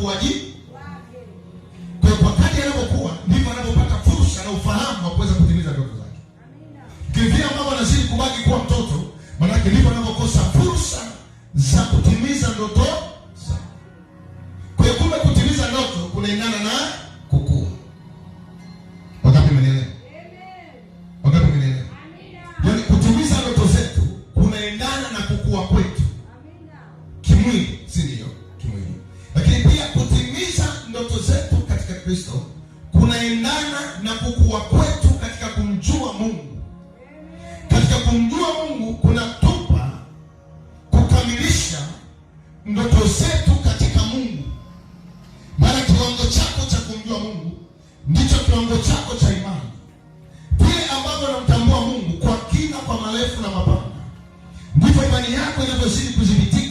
kuwaji kwa kwa kadri anavyokuwa ndivyo anavyopata fursa na ufahamu wa kuweza kutimiza ndoto zake. Kivi mama anazidi kubaki kuwa mtoto, maanake ndipo anavyokosa fursa za kutimiza ndoto zake. Kwa kumbe kutimiza ndoto kunaendana na Kristo kunaendana na kukua kwetu katika kumjua Mungu. Katika kumjua Mungu kunatupa kukamilisha ndoto zetu katika Mungu, maana kiwango chako cha kumjua Mungu ndicho kiwango chako cha imani. Vile ambavyo unamtambua Mungu kwa kina, kwa marefu na mapana, ndipo imani yako inavyozidi kudhibitika.